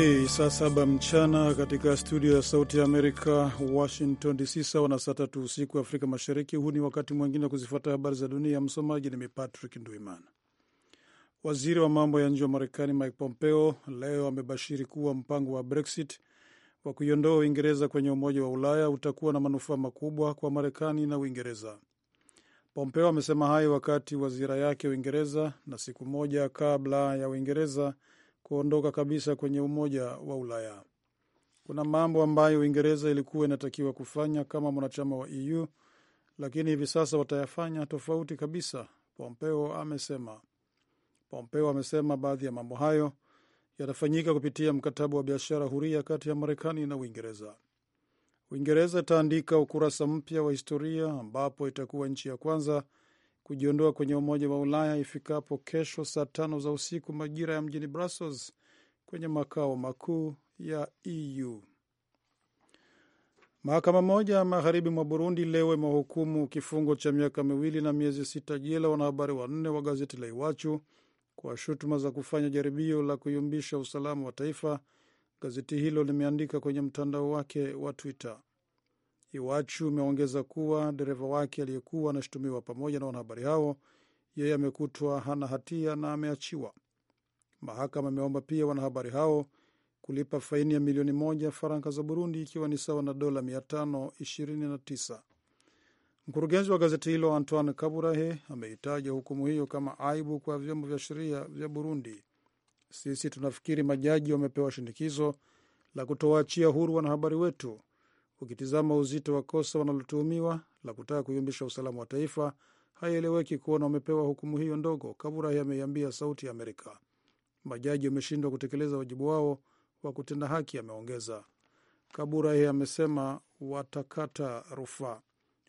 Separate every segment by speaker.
Speaker 1: Ni saa saba mchana katika studio ya Sauti ya Amerika, Washington DC, sawa na saa tatu usiku wa Afrika Mashariki. Huu ni wakati mwingine wa kuzifuata habari za dunia. Msomaji ni mimi Patrick Nduimana. Waziri wa mambo ya nje wa Marekani Mike Pompeo leo amebashiri kuwa mpango wa Brexit wa kuiondoa Uingereza kwenye Umoja wa Ulaya utakuwa na manufaa makubwa kwa Marekani na Uingereza. Pompeo amesema hayo wakati wa ziara yake Uingereza na siku moja kabla ya Uingereza kuondoka kabisa kwenye Umoja wa Ulaya. Kuna mambo ambayo Uingereza ilikuwa inatakiwa kufanya kama mwanachama wa EU, lakini hivi sasa watayafanya tofauti kabisa, Pompeo amesema. Pompeo amesema baadhi ya mambo hayo yatafanyika kupitia mkataba wa biashara huria kati ya Marekani na Uingereza. Uingereza itaandika ukurasa mpya wa historia ambapo itakuwa nchi ya kwanza kujiondoa kwenye Umoja wa Ulaya ifikapo kesho saa tano za usiku majira ya mjini Brussels kwenye makao makuu ya EU. Mahakama moja magharibi mwa Burundi leo imewahukumu kifungo cha miaka miwili na miezi sita jela wanahabari wanne wa gazeti la Iwachu kwa shutuma za kufanya jaribio la kuyumbisha usalama wa taifa, gazeti hilo limeandika kwenye mtandao wake wa Twitter. Iwachu umeongeza kuwa dereva wake aliyekuwa anashutumiwa pamoja na wanahabari hao, yeye amekutwa hana hatia na ameachiwa. Mahakama ameomba pia wanahabari hao kulipa faini ya milioni moja faranka za Burundi, ikiwa ni sawa na dola 529. Mkurugenzi wa gazeti hilo Antoine Kaburahe ameitaja hukumu hiyo kama aibu kwa vyombo vya sheria vya Burundi. Sisi tunafikiri majaji wamepewa shinikizo la kutowaachia huru wanahabari wetu Ukitizama uzito wa kosa wanalotuhumiwa la kutaka kuyumbisha usalama wa taifa, haieleweki kuona wamepewa hukumu hiyo ndogo, Kaburahi ameiambia Sauti ya Amerika. Majaji wameshindwa kutekeleza wajibu wao wa kutenda haki, ameongeza. Kaburahi amesema watakata rufaa.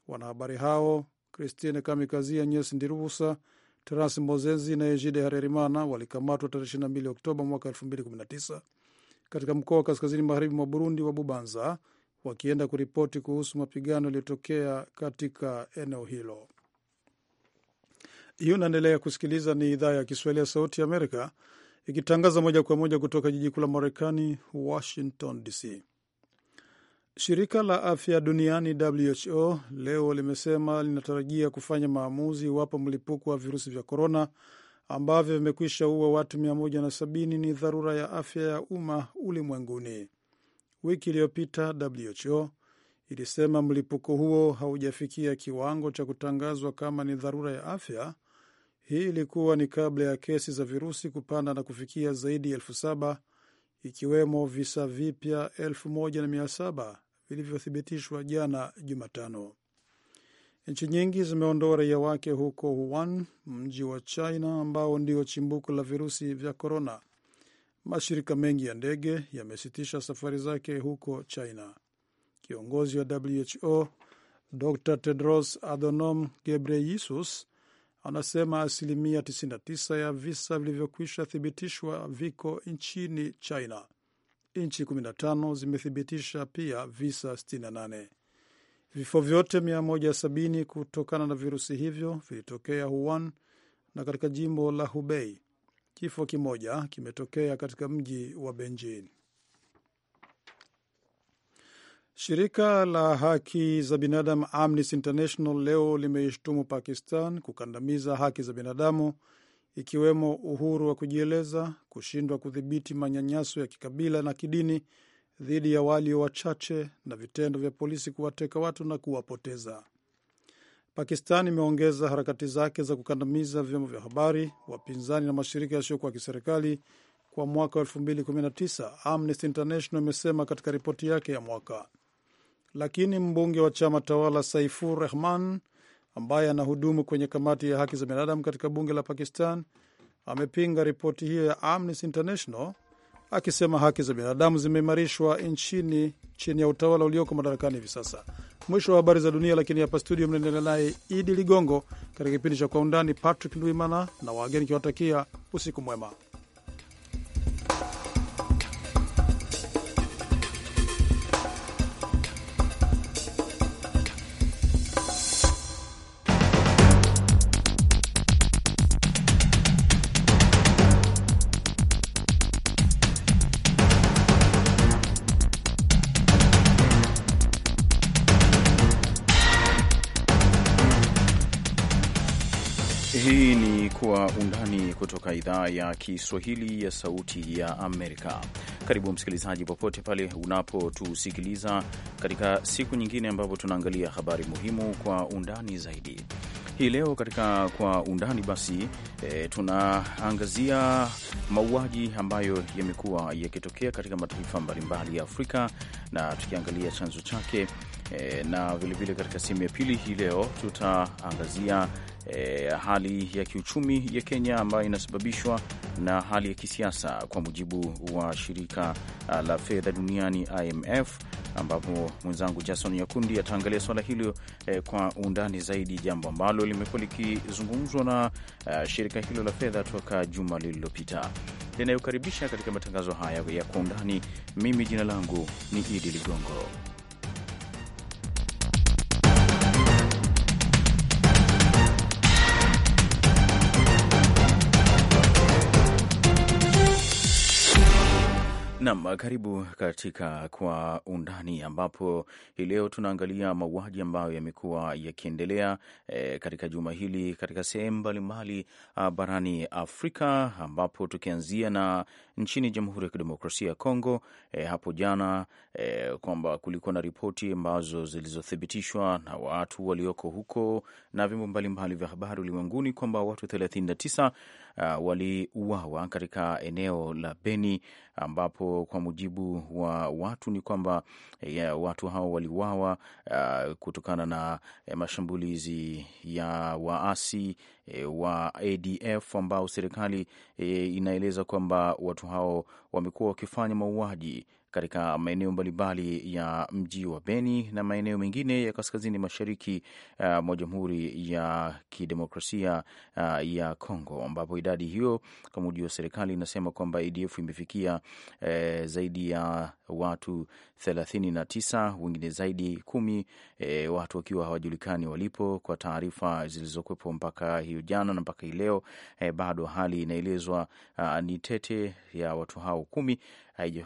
Speaker 1: Wanahabari hao Christine Kamikazia, Nyes Ndirubusa, Terasi Mozezi na Ejide Harerimana walikamatwa tarehe 22 Oktoba mwaka 2019 katika mkoa wa kaskazini magharibi mwa Burundi wa Bubanza wakienda kuripoti kuhusu mapigano yaliyotokea katika eneo hilo. Hiyo naendelea kusikiliza, ni idhaa ya Kiswahili ya Sauti ya Amerika ikitangaza moja kwa moja kutoka jiji kuu la Marekani, Washington DC. Shirika la afya duniani WHO leo limesema linatarajia kufanya maamuzi iwapo mlipuko wa virusi vya korona ambavyo vimekwisha ua watu 170 ni dharura ya afya ya umma ulimwenguni. Wiki iliyopita WHO ilisema mlipuko huo haujafikia kiwango cha kutangazwa kama ni dharura ya afya. Hii ilikuwa ni kabla ya kesi za virusi kupanda na kufikia zaidi ya elfu saba ikiwemo visa vipya elfu moja na mia saba vilivyothibitishwa jana Jumatano. Nchi nyingi zimeondoa raia wake huko Wuhan, mji wa China ambao ndio chimbuko la virusi vya korona mashirika mengi ya ndege yamesitisha safari zake huko China. Kiongozi wa WHO Dr Tedros Adhanom Ghebreyesus anasema asilimia 99 ya visa vilivyokwisha thibitishwa viko nchini China. Nchi 15 zimethibitisha pia visa 68. Vifo vyote 170 kutokana na virusi hivyo vilitokea Wuhan na katika jimbo la Hubei Kifo kimoja kimetokea katika mji wa Benjin. Shirika la haki za binadamu Amnesty International leo limeishtumu Pakistan kukandamiza haki za binadamu ikiwemo uhuru wa kujieleza, kushindwa kudhibiti manyanyaso ya kikabila na kidini dhidi ya walio wachache na vitendo vya polisi kuwateka watu na kuwapoteza. Pakistan imeongeza harakati zake za kukandamiza vyombo vya habari, wapinzani na mashirika yasiyokuwa kiserikali kwa mwaka wa 2019, Amnesty International imesema katika ripoti yake ya mwaka. Lakini mbunge wa chama tawala Saifur Rahman ambaye anahudumu kwenye kamati ya haki za binadamu katika bunge la Pakistan amepinga ripoti hiyo ya Amnesty International akisema haki za binadamu zimeimarishwa nchini chini ya utawala ulioko madarakani hivi sasa. Mwisho wa habari za dunia, lakini hapa studio mnaendelea naye Idi Ligongo katika kipindi cha Kwa Undani. Patrick Ndwimana na wageni kiwatakia usiku mwema.
Speaker 2: kutoka idhaa ya Kiswahili ya Sauti ya Amerika. Karibu msikilizaji, popote pale unapotusikiliza katika siku nyingine ambapo tunaangalia habari muhimu kwa undani zaidi. Hii leo katika kwa undani basi e, tunaangazia mauaji ambayo yamekuwa yakitokea katika mataifa mbalimbali ya Afrika na tukiangalia chanzo chake e, na vilevile katika sehemu ya pili hii leo tutaangazia e, hali ya kiuchumi ya Kenya ambayo inasababishwa na hali ya kisiasa, kwa mujibu wa shirika uh, la fedha duniani IMF, ambapo mwenzangu Jason Nyakundi ataangalia suala hilo e, kwa undani zaidi, jambo ambalo limekuwa likizungumzwa na a, uh, shirika hilo la fedha toka juma lililopita linayokaribisha katika matangazo haya ya kwa undani. Mimi jina langu ni Idi Ligongo. nam karibu katika Kwa Undani, ambapo hii leo tunaangalia mauaji ambayo yamekuwa yakiendelea e, katika juma hili katika sehemu mbalimbali barani Afrika, ambapo tukianzia na nchini Jamhuri ya Kidemokrasia ya Kongo e, hapo jana e, kwamba kulikuwa na ripoti ambazo zilizothibitishwa na watu walioko huko na vyombo mbalimbali vya habari ulimwenguni kwamba watu 39 uh, ah, waliuawa katika eneo la Beni, ambapo kwa mujibu wa watu ni kwamba yeah, watu hao waliuawa ah, kutokana na eh, mashambulizi ya waasi e, wa ADF ambao serikali e, inaeleza kwamba watu hao wamekuwa wakifanya mauaji katika maeneo mbalimbali ya mji wa Beni na maeneo mengine ya kaskazini mashariki uh, mwa Jamhuri ya Kidemokrasia uh, ya Kongo, ambapo idadi hiyo kwa mujibu wa serikali inasema kwamba ADF imefikia eh, zaidi ya watu 39 wengine zaidi kumi, e, watu wakiwa hawajulikani walipo. Kwa taarifa zilizokuwepo mpaka hiyo jana na mpaka hii leo, e, bado hali inaelezwa ni tete. Ya watu hao kumi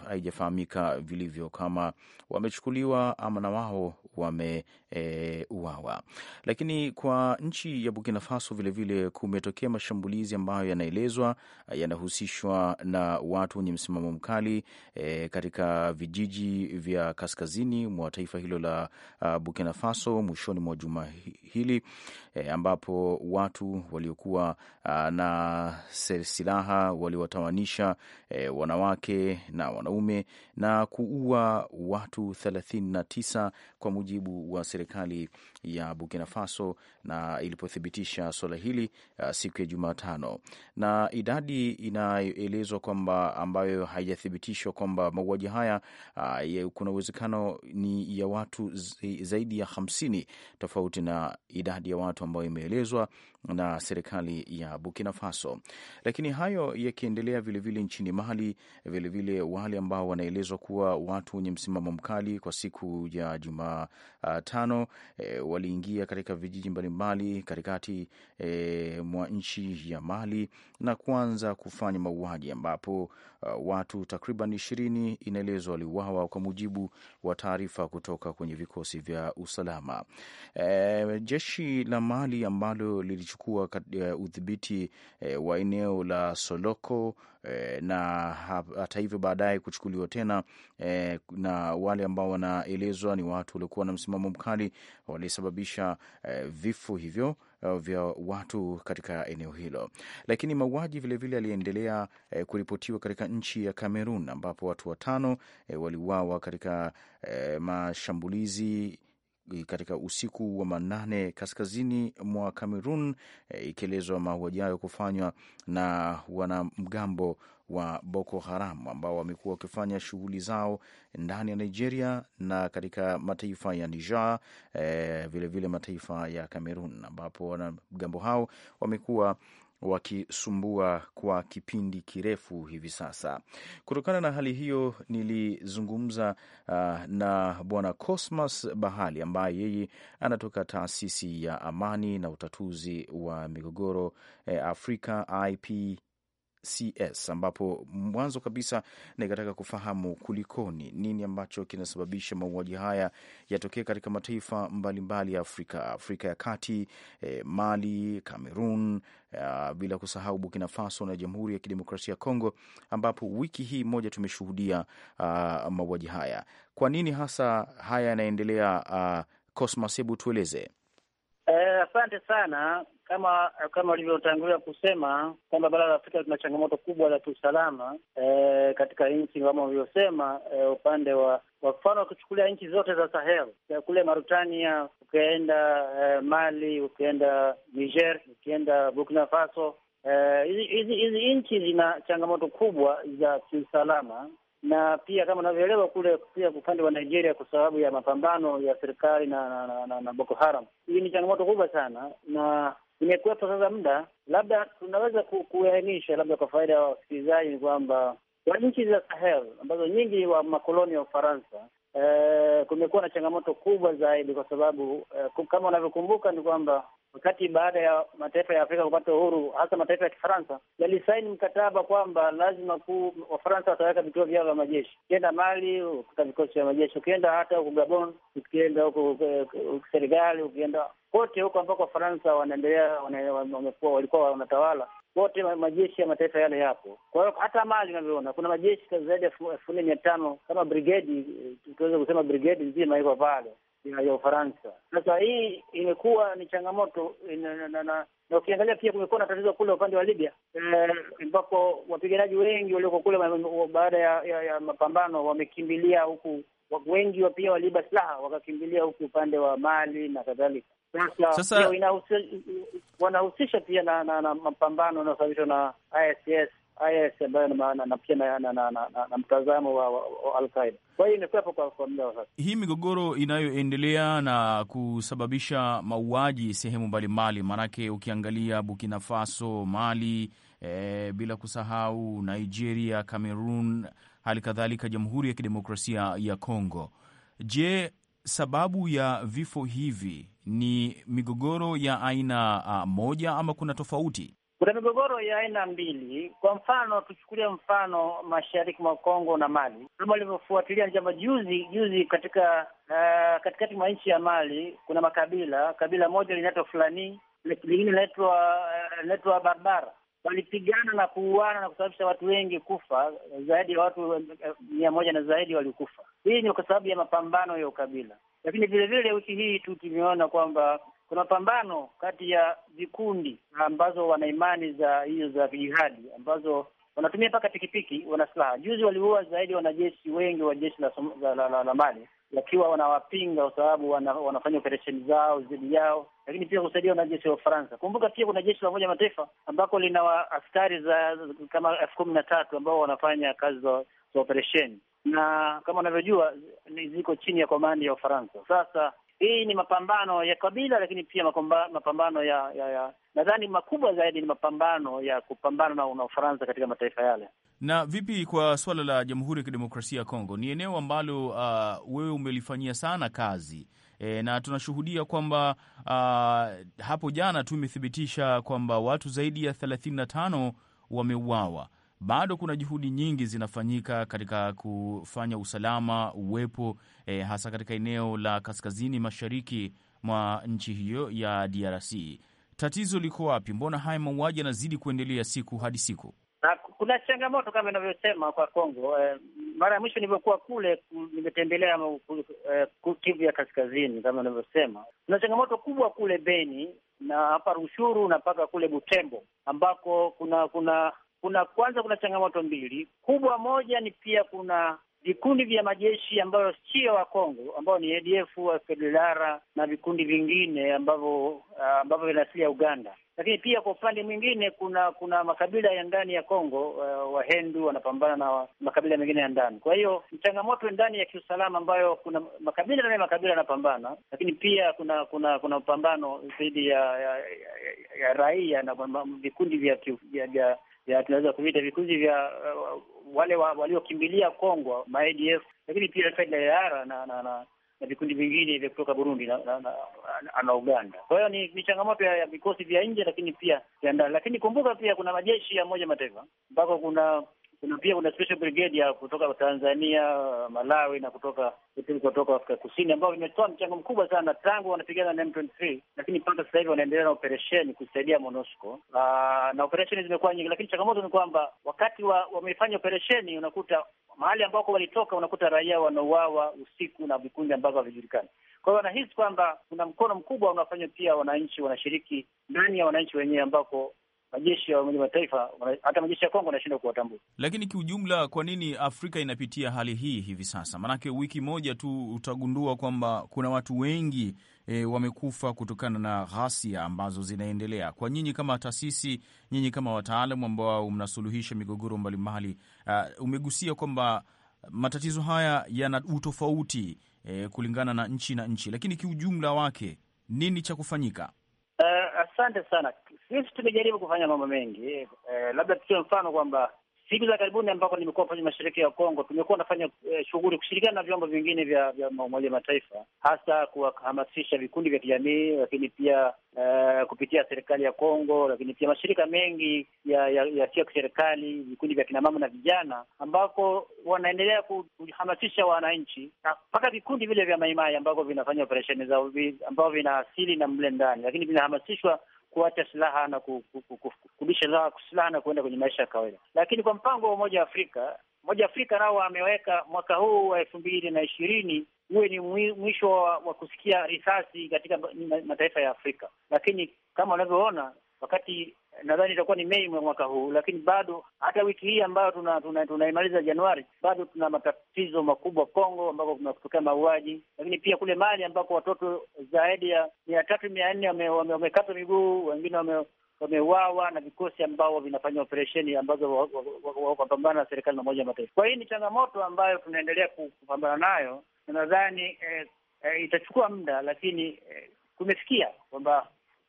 Speaker 2: haijafahamika vilivyo kama wamechukuliwa ama na wao wameuawa. E, lakini kwa nchi ya Burkina Faso vilevile kumetokea mashambulizi ambayo yanaelezwa yanahusishwa na watu wenye msimamo mkali e, katika vijiji vya kaskazini mwa taifa hilo la uh, Burkina Faso mwishoni mwa juma hili e, ambapo watu waliokuwa na silaha waliwatawanisha e, wanawake na wanaume na kuua watu thelathini na tisa kwa mujibu wa serikali ya Burkina Faso na ilipothibitisha suala hili a, siku ya Jumatano, na idadi inaelezwa kwamba ambayo haijathibitishwa kwamba mauaji haya a, ya, kuna uwezekano ni ya watu zaidi ya hamsini tofauti na idadi ya watu ambayo imeelezwa na serikali ya Burkina Faso. Lakini hayo yakiendelea, vilevile nchini Mali, vilevile wale ambao wanaelezwa kuwa watu wenye msimamo mkali kwa siku ya Jumatano e, waliingia katika vijiji mbalimbali katikati e, mwa nchi ya Mali na kuanza kufanya mauaji ambapo uh, watu takriban ishirini inaelezwa waliuawa kwa mujibu wa taarifa kutoka kwenye vikosi vya usalama e, jeshi la Mali ambalo lilichukua eh, udhibiti eh, wa eneo la Soloko eh, na hata hivyo baadaye kuchukuliwa tena na wale ambao wanaelezwa ni watu waliokuwa na msimamo mkali walisababisha vifo hivyo vya watu katika eneo hilo. Lakini mauaji vilevile yaliendelea e, kuripotiwa katika nchi ya Kamerun ambapo watu watano e, waliuawa katika e, mashambulizi katika usiku wa manane kaskazini mwa Cameroon, e, ikielezwa mauaji hayo kufanywa na wanamgambo wa Boko Haram ambao wamekuwa wakifanya shughuli zao ndani ya Nigeria na katika mataifa ya Niger, vilevile mataifa ya Cameroon, ambapo wanamgambo hao wamekuwa wakisumbua kwa kipindi kirefu hivi sasa. Kutokana na hali hiyo, nilizungumza uh, na Bwana Cosmas Bahali ambaye yeye anatoka taasisi ya amani na utatuzi wa migogoro eh, Afrika IP CS, ambapo mwanzo kabisa nikataka kufahamu kulikoni, nini ambacho kinasababisha mauaji haya yatokee katika mataifa mbalimbali mbali ya Afrika, Afrika ya Kati, eh, Mali, cameron eh, bila kusahau Burkina Faso na Jamhuri ya Kidemokrasia ya Kongo, ambapo wiki hii moja tumeshuhudia uh, mauaji haya. Kwa nini hasa haya yanaendelea? Uh, Cosmas, hebu tueleze.
Speaker 3: Asante sana. Kama kama walivyotangulia kusema kwamba bara la Afrika lina changamoto kubwa za kiusalama e, katika nchi kama ulivyosema e, eh, upande wa kwa mfano ukichukulia nchi zote za Sahel kule Mauritania, ukienda e, Mali, ukienda Niger, ukienda Burkina Faso, hizi e, nchi zina changamoto kubwa za kiusalama na pia kama unavyoelewa kule pia upande wa Nigeria kwa sababu ya mapambano ya serikali na na, na, na, na Boko Haram. Hii ni changamoto kubwa sana na imekuwepo sasa muda, labda tunaweza kuainisha labda kwa faida ya wasikilizaji ni kwamba kwa nchi za Sahel ambazo nyingi wa makoloni wa Ufaransa eh, kumekuwa na changamoto kubwa zaidi kwa sababu eh, kama unavyokumbuka ni kwamba wakati baada ya mataifa ya Afrika kupata uhuru, hasa mataifa ya Kifaransa yalisaini mkataba kwamba lazima ku Wafaransa wataweka vituo vyao vya majeshi. Ukienda Mali ukuta vikosi vya majeshi, ukienda hata huku Gabon, ukienda huku Senegal, ukienda kote huko ambako Wafaransa wanaendelea wamekuwa walikuwa wanatawala wote majeshi ya mataifa yale yapo. Kwa hiyo hata Mali unavyoona kuna majeshi zaidi ya elfu nne mia tano kama brigedi, eh, tuweze kusema brigedi nzima iko pale ya, ya Ufaransa. Sasa hii imekuwa ni changamoto eh, na ukiangalia pia kumekuwa na tatizo kule upande wa Libya eh, ambapo e, wapiganaji wengi walioko kule baada ya, ya, ya mapambano wamekimbilia huku, wengi pia waliiba silaha wakakimbilia huku upande wa Mali na kadhalika. Sasa, sasa... wanahusisha pia na, na, na mapambano yanayosababishwa na ISIS IS ambayo na pia na mtazamo wa, wa, wa Al-Qaida. Kwa hiyo imekwepo kwa, kwa muda sasa.
Speaker 2: Hii migogoro inayoendelea na kusababisha mauaji sehemu mbalimbali, maanake ukiangalia Burkina Faso, Mali, e, bila kusahau Nigeria, Cameroon, hali kadhalika Jamhuri ya Kidemokrasia ya Kongo. Je, sababu ya vifo hivi ni migogoro ya aina ah, moja ama kuna tofauti?
Speaker 3: Kuna migogoro ya aina mbili. Kwa mfano, tuchukulie mfano mashariki mwa Kongo na Mali, kama walivyofuatilia njama juzi juzi katika uh, katikati mwa nchi ya Mali kuna makabila, kabila moja linaitwa Fulani, lingine linaitwa eh, linaitwa Barbara. Walipigana na kuuana na kusababisha watu wengi kufa, zaidi ya watu eh, mia moja na zaidi walikufa. Hii ni kwa sababu ya mapambano ya ukabila, lakini vilevile wiki hii tu tumeona kwamba kuna pambano kati ya vikundi ambazo wana imani za hizo za jihadi ambazo wanatumia mpaka pikipiki, wana silaha. Juzi waliua zaidi wanajeshi wengi wa jeshi la, la, la, la, la Mali wakiwa wanawapinga kwa sababu wana, wanafanya operesheni zao dhidi yao, lakini pia kusaidia wanajeshi wa Ufaransa. Kumbuka pia kuna jeshi la Umoja Mataifa ambako lina askari za kama elfu kumi na tatu ambao wanafanya kazi za operesheni, na kama unavyojua ziko chini ya komandi ya Ufaransa. Sasa hii ni mapambano ya kabila, lakini pia mapambano ya, ya, ya nadhani makubwa zaidi ni mapambano ya kupambana na Ufaransa katika mataifa yale.
Speaker 2: Na vipi kwa suala la Jamhuri ya Kidemokrasia ya Kongo? Ni eneo ambalo uh, wewe umelifanyia sana kazi e, na tunashuhudia kwamba uh, hapo jana tu imethibitisha kwamba watu zaidi ya thelathini na tano wameuawa bado kuna juhudi nyingi zinafanyika katika kufanya usalama uwepo eh, hasa katika eneo la kaskazini mashariki mwa nchi hiyo ya DRC. Tatizo liko wapi? Mbona haya mauaji yanazidi kuendelea siku hadi siku?
Speaker 3: Na kuna changamoto kama inavyosema kwa Kongo. Eh, mara ya mwisho nilivyokuwa kule nimetembelea eh, Kivu ya kaskazini kama inavyosema, kuna changamoto kubwa kule Beni na hapa Rushuru na mpaka kule Butembo ambako kuna kuna kuna kwanza, kuna changamoto mbili kubwa. Moja ni pia kuna vikundi vya majeshi ambayo sio wa Kongo, ambayo ni ADF wa FDLR na vikundi vingine ambavyo ah, ambavyo vina asili ya Uganda. Lakini pia kwa upande mwingine kuna kuna makabila ya ndani ya Kongo, uh, Wahendu wanapambana na makabila mengine ya ndani. Kwa hiyo changamoto ndani ya kiusalama ambayo kuna makabila ndani ya makabila yanapambana, lakini pia kuna kuna kuna mapambano dhidi ya, ya, ya, ya raia na vikundi vya ya tunaweza kuvita vikundi vya uh, wale wa, waliokimbilia Kongo ma ADF, lakini pia FDLR na na, na na vikundi vingine vya kutoka Burundi na, na, na, na, na Uganda. Kwa hiyo ni, ni changamoto ya vikosi vya nje, lakini pia vya ndani. Lakini kumbuka pia kuna majeshi ya moja Mataifa ambako kuna kuna pia kuna special brigade ya kutoka Tanzania, Malawi na kutoka kutoka Afrika Kusini, ambao imetoa mchango mkubwa sana tangu wanapigana na M23, lakini mpaka sasa hivi wanaendelea na operesheni kusaidia MONUSCO na operesheni zimekuwa nyingi, lakini changamoto ni kwamba wakati wa wamefanya operesheni unakuta mahali ambako walitoka unakuta raia wanauawa usiku na vikundi ambavyo havijulikani. Kwa hiyo wanahisi kwamba kuna mkono mkubwa unafanywa pia, wananchi wanashiriki ndani ya wananchi wenyewe ambako majeshi ya Umoja Mataifa, hata majeshi ya Kongo wanashindwa kuwatambua.
Speaker 2: Lakini kiujumla, kwa nini Afrika inapitia hali hii hivi sasa? Maanake wiki moja tu utagundua kwamba kuna watu wengi e, wamekufa kutokana na ghasia ambazo zinaendelea. Kwa nyinyi kama taasisi, nyinyi kama wataalamu ambao mnasuluhisha migogoro mbalimbali, uh, umegusia kwamba matatizo haya yana utofauti e, kulingana na nchi na nchi, lakini kiujumla wake nini cha kufanyika?
Speaker 3: Uh, asante sana. Sisi tumejaribu kufanya mambo mengi uh, labda tutoe mfano kwamba siku za karibuni ambako nimekuwa kwenye mashariki ya Kongo, tumekuwa nafanya eh, shughuli kushirikiana na vyombo vingine vya vya Umoja Mataifa, hasa kuwahamasisha vikundi vya kijamii, lakini pia eh, kupitia serikali ya Kongo, lakini pia mashirika mengi ya ya, ya sio kiserikali, vikundi vya kinamama na vijana, ambako wanaendelea kuhamasisha wananchi na mpaka vikundi vile vya maimai ambako vinafanya operesheni zao ambao vinaasili na mle ndani, lakini vinahamasishwa kuacha silaha na kulisha silaha na kuenda kwenye maisha ya kawaida. Lakini kwa mpango wa Umoja wa Afrika, Umoja wa Afrika nao ameweka mwaka huu wa elfu mbili na ishirini huwe ni mwisho wa, wa kusikia risasi katika mataifa ya Afrika, lakini kama unavyoona wakati nadhani itakuwa ni Mei mwa mwaka huu, lakini bado hata wiki hii ambayo tunaimaliza tuna, tuna Januari, bado tuna matatizo makubwa Kongo ambako kunatokea mauaji, lakini pia kule Mali ambako watoto zaidi ya mia tatu mia nne wamekatwa wame miguu, wengine wame wamewawa na vikosi ambao vinafanya operesheni ambazo wakapambana na serikali na Umoja wa Mataifa. Kwa hii ni changamoto ambayo tunaendelea kupambana nayo, na nadhani eh, eh, itachukua muda, lakini eh, tumefikia kwamba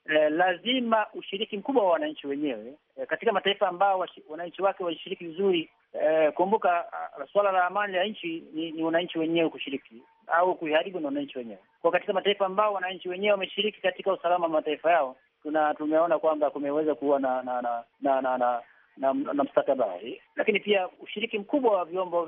Speaker 3: eh, lazima ushiriki mkubwa wa wananchi wenyewe eh, katika mataifa ambao wananchi wake walishiriki vizuri eh, kumbuka uh, ah, suala la amani la nchi ni, ni wananchi wenyewe kushiriki au kuiharibu na wananchi wenyewe. Kwa katika mataifa ambao wananchi wenyewe wameshiriki katika usalama wa mataifa yao, tuna tumeona kwamba kumeweza kuwa na na na na, na, na na, na mstakabali, lakini pia ushiriki mkubwa wa vyombo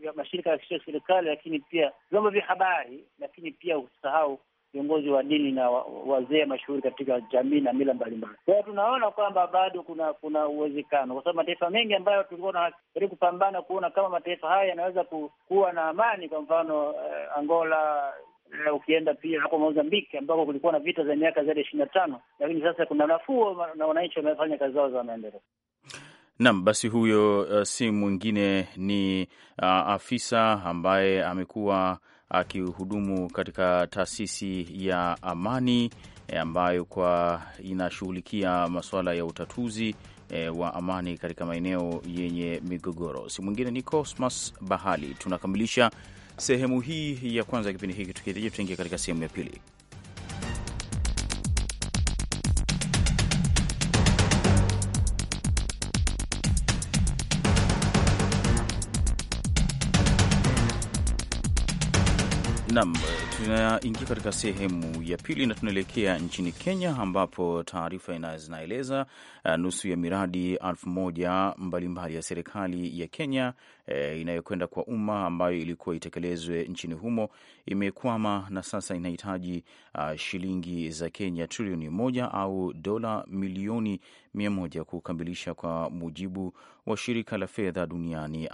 Speaker 3: vya mashirika ya serikali lakini pia vyombo vya habari, lakini pia usahau viongozi wa dini na wazee mashuhuri katika jamii na mila mbalimbali. Kwa hiyo tunaona kwamba bado kuna kuna uwezekano, kwa sababu mataifa mengi ambayo tulikuwa tunajaribu kupambana kuona kama mataifa haya yanaweza kuwa na amani, kwa mfano eh, Angola eh, ukienda pia hapo Mozambiki ambako kulikuwa na vita za miaka zaidi ya ishirini na tano, lakini sasa kuna nafuu na wananchi wamefanya kazi zao za maendeleo.
Speaker 2: Naam, basi huyo uh, si mwingine ni uh, afisa ambaye amekuwa akihudumu katika taasisi ya Amani e, ambayo kwa inashughulikia masuala ya utatuzi e, wa amani katika maeneo yenye migogoro. Si mwingine ni Cosmas Bahali. Tunakamilisha sehemu hii ya kwanza ya kipindi hiki, tukirejea tutaingia katika sehemu ya pili. Nam, tunaingia katika sehemu ya pili na tunaelekea nchini Kenya, ambapo taarifa zinaeleza uh, nusu ya miradi elfu moja mbalimbali ya serikali ya Kenya eh, inayokwenda kwa umma ambayo ilikuwa itekelezwe nchini humo imekwama na sasa inahitaji uh, shilingi za Kenya trilioni moja au dola milioni 100 kukamilisha, kwa mujibu wa shirika la fedha duniani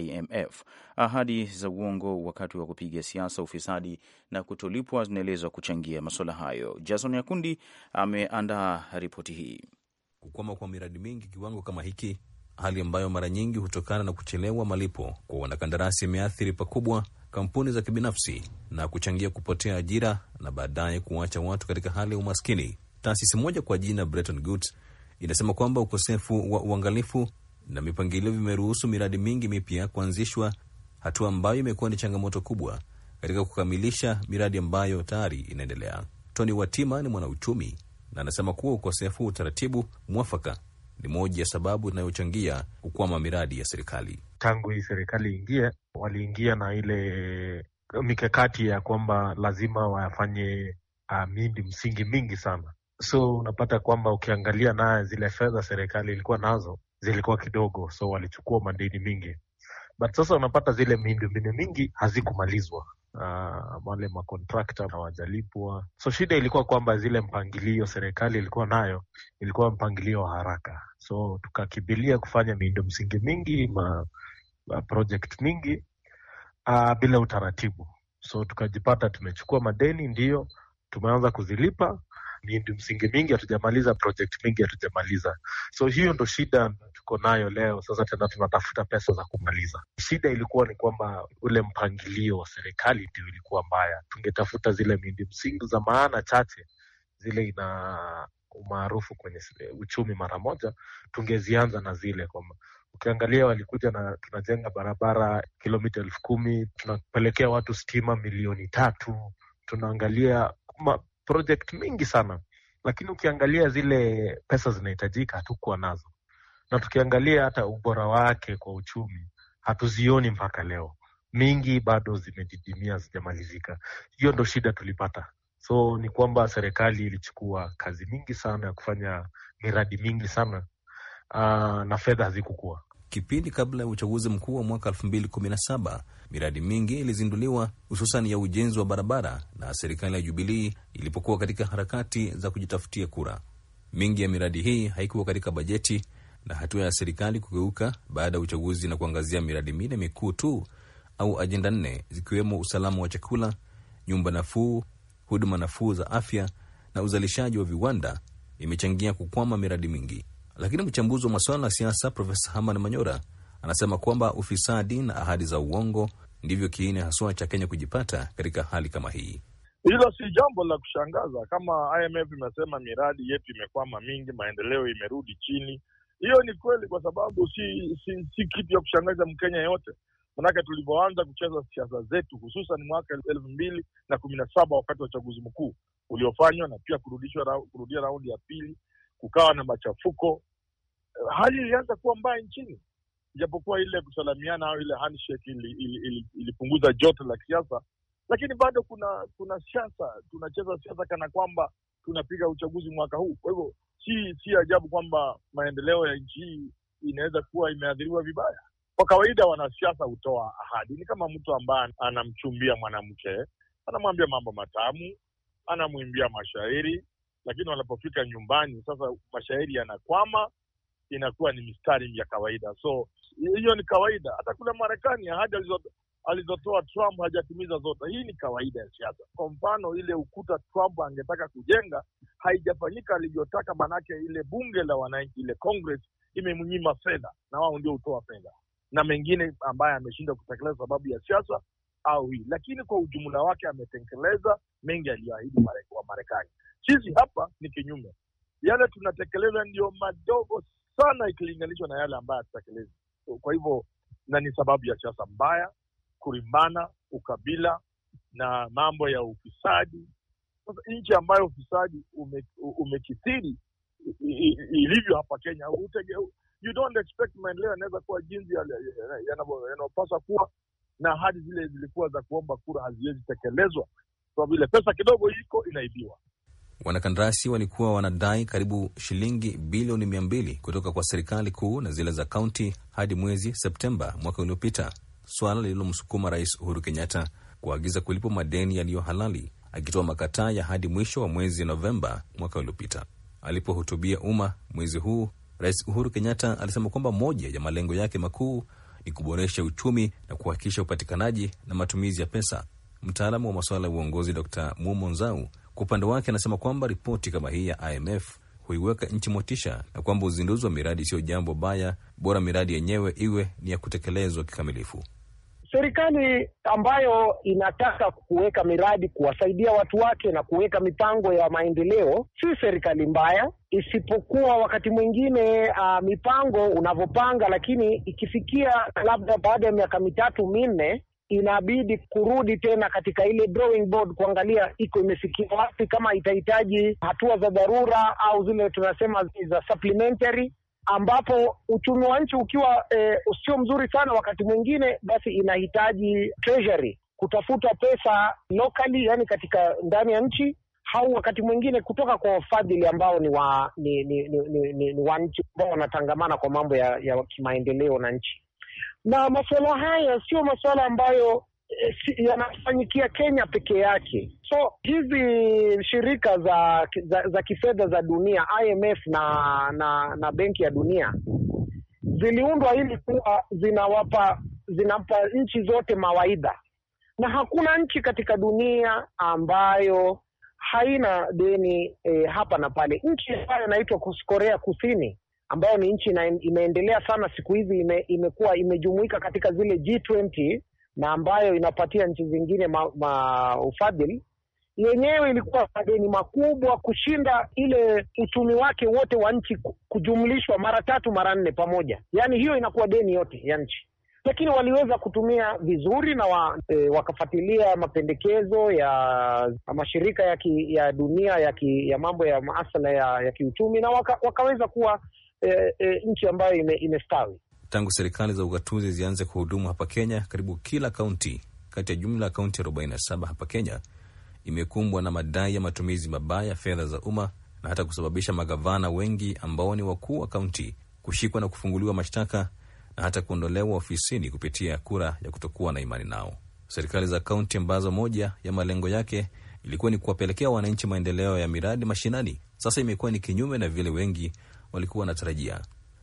Speaker 2: IMF. Ahadi za uongo wakati wa kupiga siasa, ufisadi na kutolipwa zinaelezwa kuchangia masuala
Speaker 4: hayo. Jason Yakundi ameandaa ripoti hii. Kukwama kwa miradi mingi kiwango kama hiki, hali ambayo mara nyingi hutokana na kuchelewa malipo kwa wanakandarasi, imeathiri pakubwa kampuni za kibinafsi na kuchangia kupotea ajira na baadaye kuacha watu katika hali ya umaskini. Taasisi moja kwa jina Bretton Woods inasema kwamba ukosefu wa uangalifu na mipangilio vimeruhusu miradi mingi mipya kuanzishwa, hatua ambayo imekuwa ni changamoto kubwa katika kukamilisha miradi ambayo tayari inaendelea. Tony Watima ni mwanauchumi na anasema kuwa ukosefu wa utaratibu mwafaka ni moja ya sababu inayochangia kukwama miradi ya serikali.
Speaker 5: Tangu hii serikali ingie, waliingia na ile mikakati ya kwamba lazima wafanye uh, ah, miindi msingi mingi sana So unapata kwamba ukiangalia naye zile fedha serikali ilikuwa nazo zilikuwa kidogo, so walichukua madeni mingi, but sasa unapata zile miundombinu mingi hazikumalizwa. Uh, wale makontrakta hawajalipwa, so shida ilikuwa kwamba zile mpangilio serikali ilikuwa nayo ilikuwa mpangilio wa haraka, so tukakibilia kufanya miundo msingi mingi ma, ma project mingi uh, bila utaratibu, so tukajipata tumechukua madeni, ndiyo tumeanza kuzilipa miindi msingi mingi, hatujamaliza project mingi hatujamaliza. So hiyo ndo shida tuko nayo leo. Sasa tena tunatafuta pesa za kumaliza. Shida ilikuwa ni kwamba ule mpangilio wa serikali ndio ilikuwa mbaya. Tungetafuta zile miindi msingi za maana chache, zile ina umaarufu kwenye eh, uchumi mara moja, tungezianza na zile kwamba ukiangalia walikuja na tunajenga barabara kilomita elfu kumi tunapelekea watu stima milioni tatu tunaangalia project mingi sana, lakini ukiangalia zile pesa zinahitajika hatukuwa nazo, na tukiangalia hata ubora wake kwa uchumi hatuzioni mpaka leo, mingi bado zimedidimia, zijamalizika. Hiyo ndo shida tulipata. So ni kwamba serikali ilichukua kazi mingi sana ya kufanya miradi mingi sana
Speaker 4: uh, na fedha hazikukua kipindi kabla ya uchaguzi mkuu wa mwaka 2017 miradi mingi ilizinduliwa, hususan ya ujenzi wa barabara, na serikali ya Jubilii ilipokuwa katika harakati za kujitafutia kura. Mingi ya miradi hii haikuwa katika bajeti, na hatua ya serikali kugeuka baada ya uchaguzi na kuangazia miradi minne mikuu tu au ajenda nne, zikiwemo usalama wa chakula, nyumba nafuu, huduma nafuu za afya na uzalishaji wa viwanda, imechangia kukwama miradi mingi. Lakini mchambuzi wa masuala ya siasa Profesa haman Manyora anasema kwamba ufisadi na ahadi za uongo ndivyo kiini haswa cha Kenya kujipata katika hali kama hii.
Speaker 6: Hilo si jambo la kushangaza. Kama IMF imesema miradi yetu imekwama mingi, maendeleo imerudi chini, hiyo ni kweli, kwa sababu si si, si kitu ya kushangaza Mkenya yote, manake tulivyoanza kucheza siasa zetu, hususan mwaka elfu mbili na kumi na saba wakati wa uchaguzi mkuu uliofanywa na pia kurudishwa, kurudia raundi ya pili kukawa na machafuko. Hali ilianza kuwa mbaya nchini, ijapokuwa ile kusalamiana au ile handshake ilipunguza ili, ili, ili joto la kisiasa, lakini bado kuna kuna siasa, tunacheza siasa kana kwamba tunapiga uchaguzi mwaka huu. Kwa hivyo si si ajabu kwamba maendeleo ya nchi hii inaweza kuwa imeathiriwa vibaya. Kwa kawaida wanasiasa hutoa ahadi, ni kama mtu ambaye anamchumbia mwanamke, anamwambia mambo matamu, anamwimbia mashairi lakini wanapofika nyumbani sasa mashairi yanakwama, inakuwa ni mistari ya kawaida. So hiyo ni kawaida. Hata kule Marekani ahadi alizotoa Trump hajatimiza zote. Hii ni kawaida ya siasa. Kwa mfano, ile ukuta Trump angetaka kujenga haijafanyika alivyotaka, manake ile bunge la wananchi, ile Congress imemnyima fedha, na wao ndio hutoa fedha, na mengine ambaye ameshindwa kutekeleza sababu ya siasa au hii, lakini kwa ujumla wake ametekeleza mengi aliyoahidi wa Marekani sisi hapa ni kinyume, yale tunatekeleza ndiyo madogo sana ikilinganishwa na yale ambayo hatutekelezi. Kwa hivyo, na ni sababu ya siasa mbaya, kurimbana, ukabila na mambo ya ufisadi. Sasa nchi ambayo ufisadi ume, umekithiri ilivyo hapa Kenya, you don't expect maendeleo yanaweza kuwa jinsi yanayopaswa kuwa, na hadi zile zilikuwa za kuomba kura haziwezi tekelezwa kwa so, vile pesa kidogo iko inaibiwa.
Speaker 4: Wanakandarasi walikuwa wanadai karibu shilingi bilioni mia mbili kutoka kwa serikali kuu na zile za kaunti hadi mwezi Septemba mwaka uliopita, swala lililomsukuma Rais Uhuru Kenyatta kuagiza kulipwa madeni yaliyo halali, akitoa makataa ya hadi mwisho wa mwezi Novemba mwaka uliopita. Alipohutubia umma mwezi huu, Rais Uhuru Kenyatta alisema kwamba moja ya malengo yake makuu ni kuboresha uchumi na kuhakikisha upatikanaji na matumizi ya pesa. Mtaalamu wa masuala ya uongozi Dr Mumo Nzau kwa upande wake, anasema kwamba ripoti kama hii ya IMF huiweka nchi motisha na kwamba uzinduzi wa miradi sio jambo baya, bora miradi yenyewe iwe ni ya kutekelezwa kikamilifu.
Speaker 7: Serikali ambayo inataka kuweka miradi kuwasaidia watu wake na kuweka mipango ya maendeleo si serikali mbaya, isipokuwa wakati mwingine uh, mipango unavyopanga, lakini ikifikia labda baada ya miaka mitatu minne inabidi kurudi tena katika ile drawing board kuangalia iko imefikia wapi, kama itahitaji hatua za dharura au zile tunasema za supplementary, ambapo uchumi wa nchi ukiwa e, usio mzuri sana, wakati mwingine basi inahitaji treasury kutafuta pesa locally, yani katika ndani ya nchi au wakati mwingine kutoka kwa wafadhili ambao ni wa ni, ni, ni, ni, ni, ni wa nchi ambao wanatangamana kwa mambo ya, ya kimaendeleo na nchi na masuala haya sio masuala ambayo eh, yanafanyikia Kenya peke yake. So hizi shirika za za, za kifedha za dunia IMF na na, na benki ya dunia ziliundwa ili kuwa zinawapa zinampa nchi zote mawaidha, na hakuna nchi katika dunia ambayo haina deni eh, hapa na pale. Nchi ambayo inaitwa Korea Kusini ambayo ni nchi imeendelea sana siku hizi, ime, imekuwa imejumuika katika zile G20 na ambayo inapatia nchi zingine ma, ma ufadhili yenyewe ilikuwa madeni makubwa kushinda ile uchumi wake wote wa nchi kujumlishwa mara tatu mara nne pamoja, yaani hiyo inakuwa deni yote ya nchi, lakini waliweza kutumia vizuri na wa, e, wakafuatilia mapendekezo ya mashirika ya, ki, ya dunia ya, ki, ya mambo ya maasala ya, ya kiuchumi na waka, wakaweza kuwa e, e, nchi ambayo ime, imestawi.
Speaker 4: Tangu serikali za ugatuzi zianze kuhudumu hapa Kenya, karibu kila kaunti kati ya jumla ya kaunti 47 hapa Kenya imekumbwa na madai ya matumizi mabaya ya fedha za umma na hata kusababisha magavana wengi ambao ni wakuu wa kaunti kushikwa na kufunguliwa mashtaka na hata kuondolewa ofisini kupitia kura ya kutokuwa na imani nao. Serikali za kaunti ambazo moja ya malengo yake ilikuwa ni kuwapelekea wananchi maendeleo ya miradi mashinani, sasa imekuwa ni kinyume na vile wengi walikuwa wanatarajia,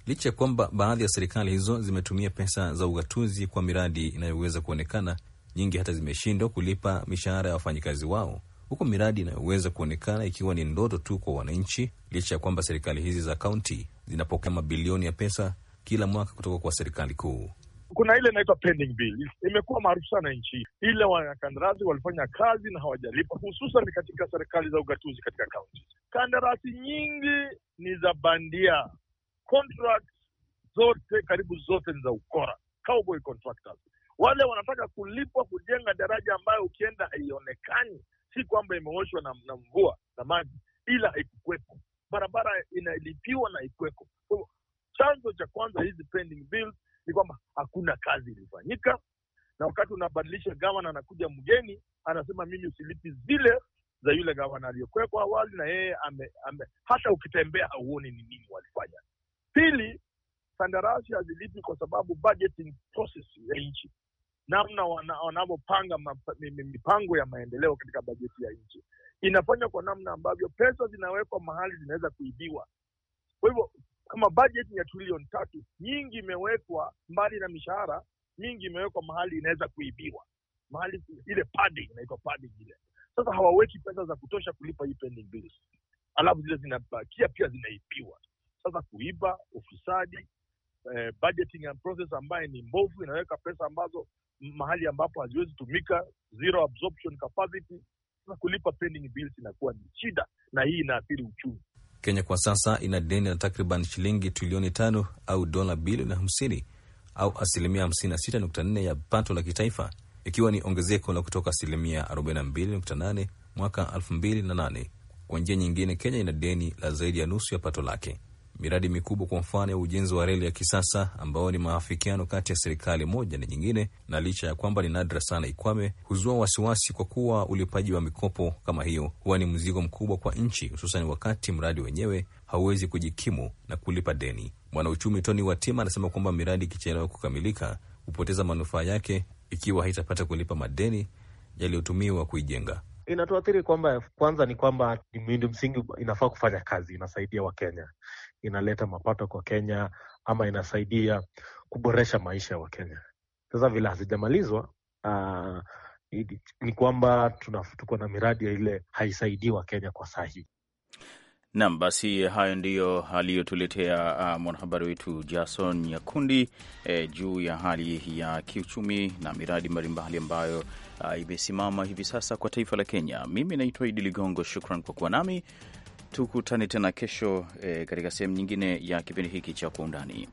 Speaker 4: licha ya kwamba baadhi ya serikali hizo zimetumia pesa za ugatuzi kwa miradi inayoweza kuonekana, nyingi hata zimeshindwa kulipa mishahara ya wafanyikazi wao, huku miradi inayoweza kuonekana ikiwa ni ndoto tu kwa wananchi, licha ya kwamba serikali hizi za kaunti zinapokea mabilioni ya pesa kila mwaka kutoka kwa serikali kuu
Speaker 6: kuna ile inaitwa pending bill, imekuwa maarufu sana nchi ile. Wanakandarasi walifanya kazi na hawajalipa, hususan katika serikali za ugatuzi katika kaunti. Kandarasi nyingi ni za bandia, contract zote karibu zote ni za ukora, cowboy contractors. Wale wanataka kulipwa kujenga daraja ambayo ukienda haionekani, si kwamba imeoshwa na, na mvua na maji, ila haikukwepo kubadilisha gavana, anakuja mgeni anasema mimi usilipi zile za yule gavana aliyokwekwa awali, na yeye ame, ame, hata ukitembea hauoni ni nini walifanya. Pili, kandarasi hazilipi kwa sababu budgeting process ya nchi, namna wanavyopanga mipango ya maendeleo katika bajeti ya nchi inafanywa kwa namna ambavyo pesa zinawekwa mahali zinaweza kuibiwa. Kwa hivyo kama bajeti ya trilioni tatu, nyingi imewekwa mbali na mishahara mingi imewekwa mahali inaweza kuibiwa, mahali ile padding inaitwa padding ile. Sasa hawaweki pesa za kutosha kulipa hii pending bills, alafu zile zinabakia pia zinaibiwa. Sasa kuiba, ufisadi, eh, budgeting and process ambaye ni mbovu, inaweka pesa ambazo mahali ambapo haziwezi tumika, zero absorption capacity. Sasa kulipa pending bills inakuwa ni shida, na hii inaathiri uchumi.
Speaker 4: Kenya kwa sasa ina deni la takriban shilingi trilioni tano au dola bilioni hamsini au asilimia 56.4 ya pato la kitaifa ikiwa ni ongezeko la kutoka asilimia 42.8 mwaka 2008. Kwa njia nyingine, Kenya ina deni la zaidi ya nusu ya pato lake. Miradi mikubwa kwa mfano ya ujenzi wa reli ya kisasa ambao ni maafikiano kati ya serikali moja na nyingine, na licha ya kwamba ni nadra sana ikwame, huzua wasiwasi kwa kuwa ulipaji wa mikopo kama hiyo huwa ni mzigo mkubwa kwa nchi, hususan wakati mradi wenyewe hauwezi kujikimu na kulipa deni. Mwanauchumi Tony Watima anasema kwamba miradi ikichelewa kukamilika hupoteza manufaa yake ikiwa haitapata kulipa madeni yaliyotumiwa kuijenga.
Speaker 5: Inatuathiri kwamba kwanza ni kwamba miundo msingi inafaa kufanya kazi, inasaidia Wakenya, inaleta mapato kwa Kenya ama inasaidia kuboresha maisha ya wa Wakenya. Sasa vile hazijamalizwa, uh, ni kwamba tuko na miradi ya ile haisaidii Wakenya kwa sahihi.
Speaker 2: Nam, basi hayo ndiyo aliyotuletea uh, mwanahabari wetu Jason Nyakundi eh, juu ya hali ya kiuchumi na miradi mbalimbali ambayo uh, imesimama hivi sasa kwa taifa la Kenya. Mimi naitwa Idi Ligongo, shukran kwa kuwa nami. Tukutane tena kesho eh, katika sehemu nyingine ya kipindi hiki cha Kwa Undani.